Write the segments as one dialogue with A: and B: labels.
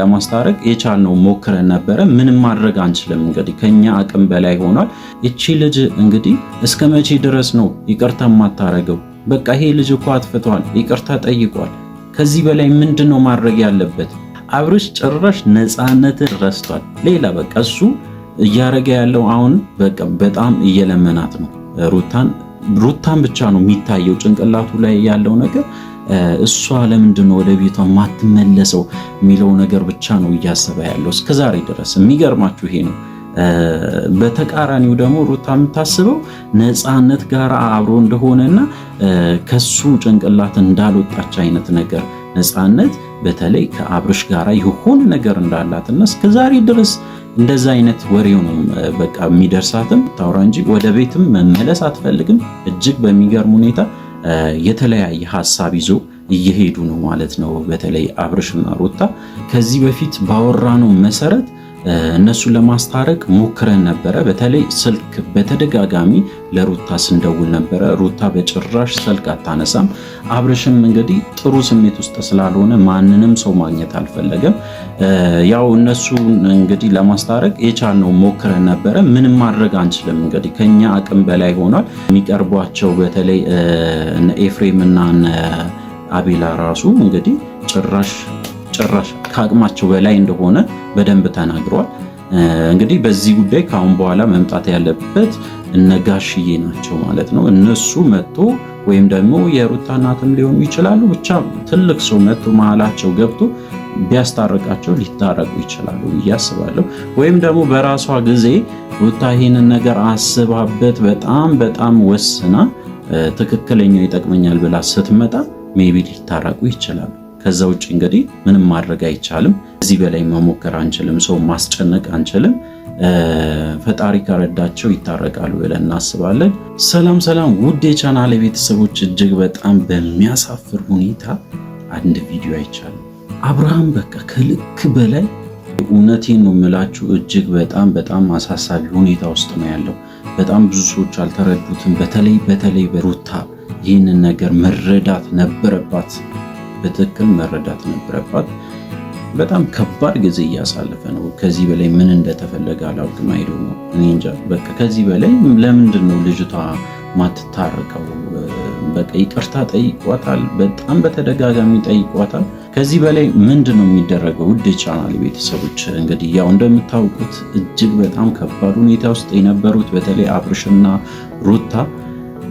A: ለማስታረቅ የቻልነው ሞክረን ነበረ። ምንም ማድረግ አንችልም። እንግዲህ ከኛ አቅም በላይ ሆኗል። እቺ ልጅ እንግዲህ እስከ መቼ ድረስ ነው ይቅርታ የማታረገው? በቃ ይሄ ልጅ እኮ አጥፍቷል፣ ይቅርታ ጠይቋል። ከዚህ በላይ ምንድን ነው ማድረግ ያለበት? አብርሽ ጭራሽ ነፃነትን ረስቷል። ሌላ በቃ እሱ እያረገ ያለው አሁን በቃ በጣም እየለመናት ነው ሩታን ሩታን ብቻ ነው የሚታየው ጭንቅላቱ ላይ ያለው ነገር እሷ ለምንድን ነው ወደ ቤቷ ማትመለሰው የሚለው ነገር ብቻ ነው እያሰበ ያለው እስከዛሬ ድረስ። የሚገርማችሁ ይሄ ነው። በተቃራኒው ደግሞ ሩታ የምታስበው ነፃነት ጋር አብሮ እንደሆነና ከሱ ጭንቅላት እንዳልወጣች አይነት ነገር ነፃነት በተለይ ከአብርሽ ጋራ የሆነ ነገር እንዳላትና እስከዛሬ ድረስ እንደዛ አይነት ወሬው ነው በቃ የሚደርሳትም ታውራ እንጂ ወደ ቤትም መመለስ አትፈልግም። እጅግ በሚገርም ሁኔታ የተለያየ ሀሳብ ይዞ እየሄዱ ነው ማለት ነው። በተለይ አብርሽና ሩታ ከዚህ በፊት ባወራነው መሰረት እነሱን ለማስታረቅ ሞክረን ነበረ። በተለይ ስልክ በተደጋጋሚ ለሩታ ስንደውል ነበረ። ሩታ በጭራሽ ስልክ አታነሳም። አብርሽም እንግዲህ ጥሩ ስሜት ውስጥ ስላልሆነ ማንንም ሰው ማግኘት አልፈለገም። ያው እነሱ እንግዲህ ለማስታረቅ የቻልነው ሞክረን ነበረ። ምንም ማድረግ አንችልም። እንግዲህ ከኛ አቅም በላይ ሆኗል። የሚቀርቧቸው በተለይ ኤፍሬምና አቤላ ራሱ እንግዲህ ጭራሽ ጭራሽ ከአቅማቸው በላይ እንደሆነ በደንብ ተናግሯል። እንግዲህ በዚህ ጉዳይ ከአሁን በኋላ መምጣት ያለበት እነጋሽዬ ናቸው ማለት ነው። እነሱ መጥቶ ወይም ደግሞ የሩታ እናትም ሊሆኑ ይችላሉ። ብቻ ትልቅ ሰው መጥቶ መሀላቸው ገብቶ ቢያስታርቃቸው ሊታረቁ ይችላሉ ብዬ አስባለሁ። ወይም ደግሞ በራሷ ጊዜ ሩታ ይህንን ነገር አስባበት በጣም በጣም ወስና ትክክለኛው ይጠቅመኛል ብላ ስትመጣ ሜቢ ሊታረቁ ይችላሉ። ከዛ ውጭ እንግዲህ ምንም ማድረግ አይቻልም። እዚህ በላይ መሞከር አንችልም። ሰው ማስጨነቅ አንችልም። ፈጣሪ ከረዳቸው ይታረቃሉ ብለን እናስባለን። ሰላም ሰላም፣ ውድ የቻናል ቤተሰቦች፣ እጅግ በጣም በሚያሳፍር ሁኔታ አንድ ቪዲዮ አይቻልም። አብርሃም በቃ ከልክ በላይ እውነቴን ነው የምላችሁ፣ እጅግ በጣም በጣም አሳሳቢ ሁኔታ ውስጥ ነው ያለው። በጣም ብዙ ሰዎች አልተረዱትም። በተለይ በተለይ በሩታ ይህንን ነገር መረዳት ነበረባት። በትክክል መረዳት ነበረባት። በጣም ከባድ ጊዜ እያሳለፈ ነው። ከዚህ በላይ ምን እንደተፈለገ አላውቅም። አይዶ ነው እኔ እንጃ። በቃ ከዚህ በላይ ለምንድን ነው ልጅቷ ማትታረቀው? በቃ ይቅርታ ጠይቋታል፣ በጣም በተደጋጋሚ ጠይቋታል። ከዚህ በላይ ምንድን ነው የሚደረገው? ውድ የቻናል ቤተሰቦች እንግዲህ ያው እንደምታውቁት እጅግ በጣም ከባድ ሁኔታ ውስጥ የነበሩት በተለይ አብርሽና ሩታ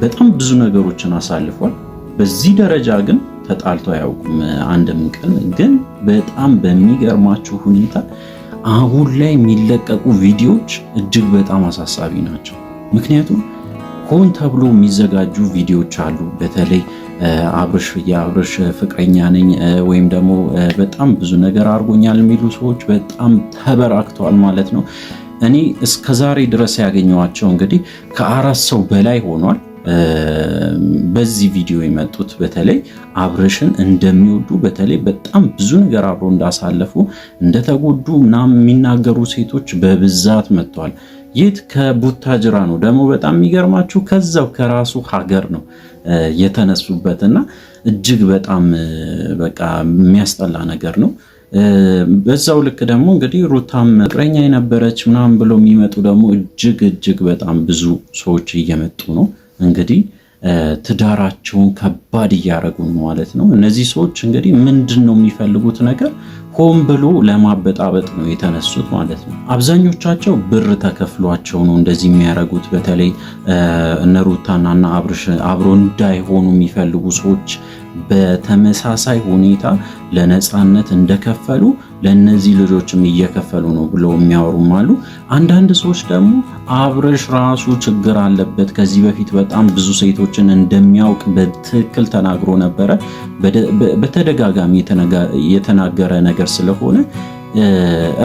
A: በጣም ብዙ ነገሮችን አሳልፏል። በዚህ ደረጃ ግን ተጣልቶ አያውቁም አንድም ቀን። ግን በጣም በሚገርማቸው ሁኔታ አሁን ላይ የሚለቀቁ ቪዲዮዎች እጅግ በጣም አሳሳቢ ናቸው። ምክንያቱም ሆን ተብሎ የሚዘጋጁ ቪዲዮዎች አሉ። በተለይ አብርሽ የአብርሽ ፍቅረኛ ነኝ ወይም ደግሞ በጣም ብዙ ነገር አድርጎኛል የሚሉ ሰዎች በጣም ተበራክተዋል ማለት ነው። እኔ እስከዛሬ ድረስ ያገኘኋቸው እንግዲህ ከአራት ሰው በላይ ሆኗል። በዚህ ቪዲዮ የመጡት በተለይ አብርሽን እንደሚወዱ በተለይ በጣም ብዙ ነገር አብሮ እንዳሳለፉ እንደተጎዱ ምናምን የሚናገሩ ሴቶች በብዛት መጥተዋል። የት ከቡታጅራ ነው ደግሞ በጣም የሚገርማችሁ ከዛው ከራሱ ሀገር ነው የተነሱበትና እጅግ በጣም በቃ የሚያስጠላ ነገር ነው። በዛው ልክ ደግሞ እንግዲህ ሩታም ፍቅረኛ የነበረች ምናምን ብሎ የሚመጡ ደግሞ እጅግ እጅግ በጣም ብዙ ሰዎች እየመጡ ነው። እንግዲህ ትዳራቸውን ከባድ እያደረጉ ነው ማለት ነው። እነዚህ ሰዎች እንግዲህ ምንድን ነው የሚፈልጉት ነገር ሆን ብሎ ለማበጣበጥ ነው የተነሱት ማለት ነው። አብዛኞቻቸው ብር ተከፍሏቸው ነው እንደዚህ የሚያደርጉት። በተለይ እነ ሩታና እና አብሮ እንዳይሆኑ የሚፈልጉ ሰዎች በተመሳሳይ ሁኔታ ለነፃነት እንደከፈሉ ለእነዚህ ልጆችም እየከፈሉ ነው ብለው የሚያወሩም አሉ። አንዳንድ ሰዎች ደግሞ አብርሽ ራሱ ችግር አለበት፣ ከዚህ በፊት በጣም ብዙ ሴቶችን እንደሚያውቅ በትክክል ተናግሮ ነበረ። በተደጋጋሚ የተናገረ ነገር ስለሆነ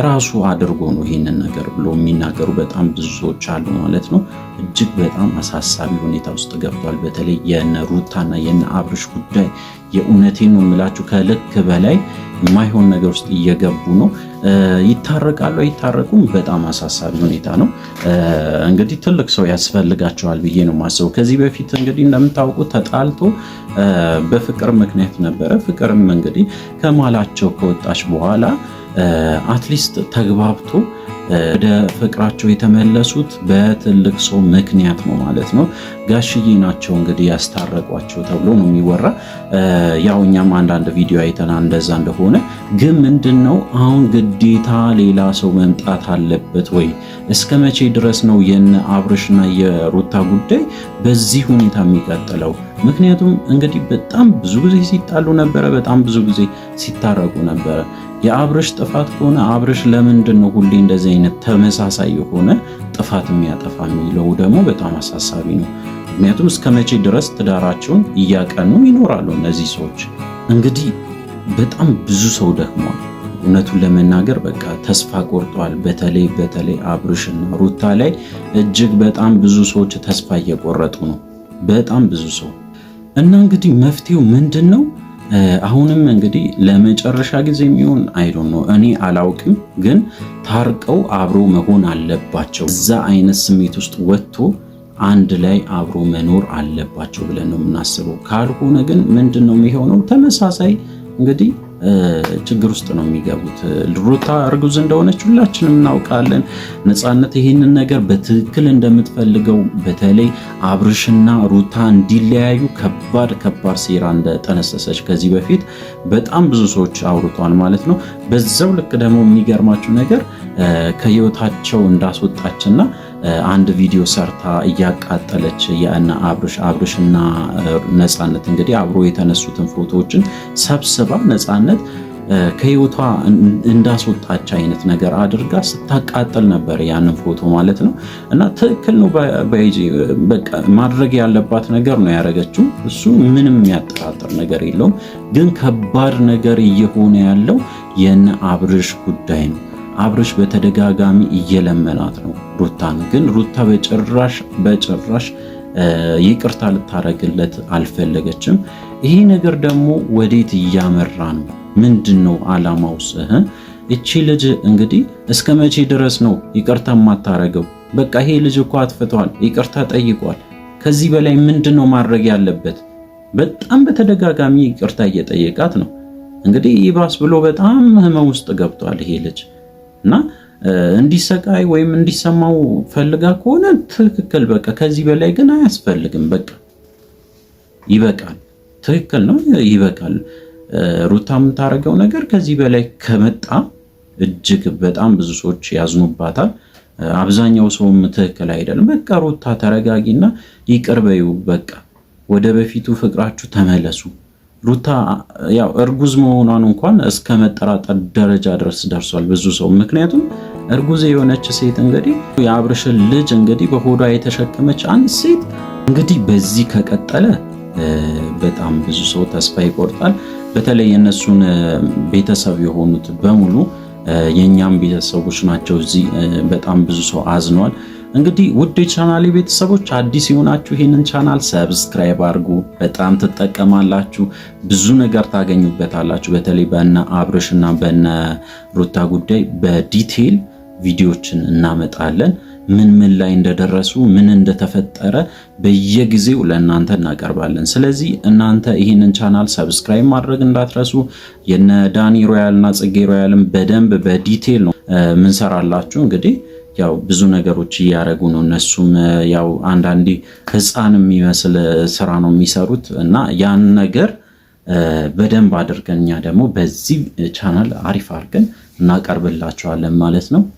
A: ራሱ አድርጎ ነው ይህንን ነገር ብሎ የሚናገሩ በጣም ብዙዎች አሉ ማለት ነው። እጅግ በጣም አሳሳቢ ሁኔታ ውስጥ ገብቷል። በተለይ የነ ሩታና የነ አብርሽ ጉዳይ የእውነቴ ነው የምላችሁ ከልክ በላይ የማይሆን ነገር ውስጥ እየገቡ ነው። ይታረቃሉ አይታረቁም? በጣም አሳሳቢ ሁኔታ ነው። እንግዲህ ትልቅ ሰው ያስፈልጋቸዋል ብዬ ነው የማስበው። ከዚህ በፊት እንግዲህ እንደምታውቁ ተጣልቶ በፍቅር ምክንያት ነበረ። ፍቅርም እንግዲህ ከማላቸው ከወጣች በኋላ አትሊስት ተግባብቶ ወደ ፍቅራቸው የተመለሱት በትልቅ ሰው ምክንያት ነው ማለት ነው። ጋሽዬ ናቸው እንግዲህ ያስታረቋቸው ተብሎ ነው የሚወራ። ያው እኛም አንዳንድ ቪዲዮ አይተና እንደዛ እንደሆነ ግን ምንድን ነው አሁን ግዴታ ሌላ ሰው መምጣት አለበት ወይ? እስከ መቼ ድረስ ነው የነ አብርሽና የሩታ ጉዳይ በዚህ ሁኔታ የሚቀጥለው? ምክንያቱም እንግዲህ በጣም ብዙ ጊዜ ሲጣሉ ነበረ፣ በጣም ብዙ ጊዜ ሲታረቁ ነበረ። የአብርሽ ጥፋት ከሆነ አብርሽ ለምንድን ነው ሁሌ እንደዚህ አይነት ተመሳሳይ የሆነ ጥፋት የሚያጠፋ የሚለው ደግሞ በጣም አሳሳቢ ነው። ምክንያቱም እስከ መቼ ድረስ ትዳራቸውን እያቀኑ ይኖራሉ እነዚህ ሰዎች? እንግዲህ በጣም ብዙ ሰው ደክሟል። እውነቱን ለመናገር በቃ ተስፋ ቆርጧል። በተለይ በተለይ አብርሽና ሩታ ላይ እጅግ በጣም ብዙ ሰዎች ተስፋ እየቆረጡ ነው። በጣም ብዙ ሰው እና እንግዲህ መፍትሄው ምንድን ነው? አሁንም እንግዲህ ለመጨረሻ ጊዜ የሚሆን አይዶን ነው እኔ አላውቅም፣ ግን ታርቀው አብሮ መሆን አለባቸው። እዛ አይነት ስሜት ውስጥ ወጥቶ አንድ ላይ አብሮ መኖር አለባቸው ብለን ነው የምናስበው። ካልሆነ ግን ምንድን ነው የሚሆነው? ተመሳሳይ እንግዲህ ችግር ውስጥ ነው የሚገቡት። ሩታ እርጉዝ እንደሆነች ሁላችንም እናውቃለን። ነፃነት ይህንን ነገር በትክክል እንደምትፈልገው በተለይ አብርሽና ሩታ እንዲለያዩ ከባድ ከባድ ሴራ እንደጠነሰሰች ከዚህ በፊት በጣም ብዙ ሰዎች አውርቷል ማለት ነው። በዛው ልክ ደግሞ የሚገርማችሁ ነገር ከህይወታቸው እንዳስወጣችና አንድ ቪዲዮ ሰርታ እያቃጠለች የእነ አብርሽ አብርሽና ነፃነት እንግዲህ አብሮ የተነሱትን ፎቶዎችን ሰብስባ ነፃነት ከህይወቷ እንዳስወጣች አይነት ነገር አድርጋ ስታቃጥል ነበር ያንን ፎቶ ማለት ነው። እና ትክክል ነው። በይጂ በቃ ማድረግ ያለባት ነገር ነው ያደረገችው። እሱ ምንም የሚያጠራጥር ነገር የለውም። ግን ከባድ ነገር እየሆነ ያለው የነ አብርሽ ጉዳይ ነው። አብርሽ በተደጋጋሚ እየለመናት ነው ሩታን። ግን ሩታ በጭራሽ በጭራሽ ይቅርታ ልታረግለት አልፈለገችም። ይሄ ነገር ደግሞ ወዴት እያመራ ነው? ምንድን ነው አላማውስ? እቺ ልጅ እንግዲህ እስከ መቼ ድረስ ነው ይቅርታ የማታረገው? በቃ ይሄ ልጅ እኮ አጥፍቷል፣ ይቅርታ ጠይቋል። ከዚህ በላይ ምንድን ነው ማድረግ ያለበት? በጣም በተደጋጋሚ ይቅርታ እየጠየቃት ነው። እንግዲህ ይባስ ብሎ በጣም ህመም ውስጥ ገብቷል ይሄ ልጅ። እና እንዲሰቃይ ወይም እንዲሰማው ፈልጋ ከሆነ ትክክል፣ በቃ ከዚህ በላይ ግን አያስፈልግም። በቃ ይበቃል። ትክክል ነው፣ ይበቃል። ሩታ የምታደርገው ነገር ከዚህ በላይ ከመጣ እጅግ በጣም ብዙ ሰዎች ያዝኑባታል። አብዛኛው ሰውም ትክክል አይደለም። በቃ ሩታ ተረጋጊና ይቅር በይው። በቃ ወደ በፊቱ ፍቅራችሁ ተመለሱ። ሩታ ያው እርጉዝ መሆኗን እንኳን እስከ መጠራጠር ደረጃ ድረስ ደርሷል ብዙ ሰው። ምክንያቱም እርጉዝ የሆነች ሴት እንግዲህ የአብርሽን ልጅ እንግዲህ በሆዷ የተሸከመች አንድ ሴት እንግዲህ በዚህ ከቀጠለ በጣም ብዙ ሰው ተስፋ ይቆርጣል። በተለይ የእነሱን ቤተሰብ የሆኑት በሙሉ የእኛም ቤተሰቦች ናቸው። እዚህ በጣም ብዙ ሰው አዝኗል። እንግዲህ ውድ የቻናል ቤተሰቦች አዲስ የሆናችሁ ይህንን ቻናል ሰብስክራይብ አድርጉ። በጣም ትጠቀማላችሁ፣ ብዙ ነገር ታገኙበታላችሁ። በተለይ በነ አብርሽ እና በነ ሩታ ጉዳይ በዲቴል ቪዲዮችን እናመጣለን። ምን ምን ላይ እንደደረሱ ምን እንደተፈጠረ በየጊዜው ለእናንተ እናቀርባለን። ስለዚህ እናንተ ይህንን ቻናል ሰብስክራይብ ማድረግ እንዳትረሱ። የነ ዳኒ ሮያልና ጽጌ ሮያልን በደንብ በዲቴል ነው ምንሰራላችሁ እንግዲህ ያው ብዙ ነገሮች እያደረጉ ነው። እነሱም ያው አንዳንዴ ህፃን የሚመስል ስራ ነው የሚሰሩት እና ያን ነገር በደንብ አድርገን እኛ ደግሞ በዚህ ቻናል አሪፍ አድርገን እናቀርብላቸዋለን ማለት ነው።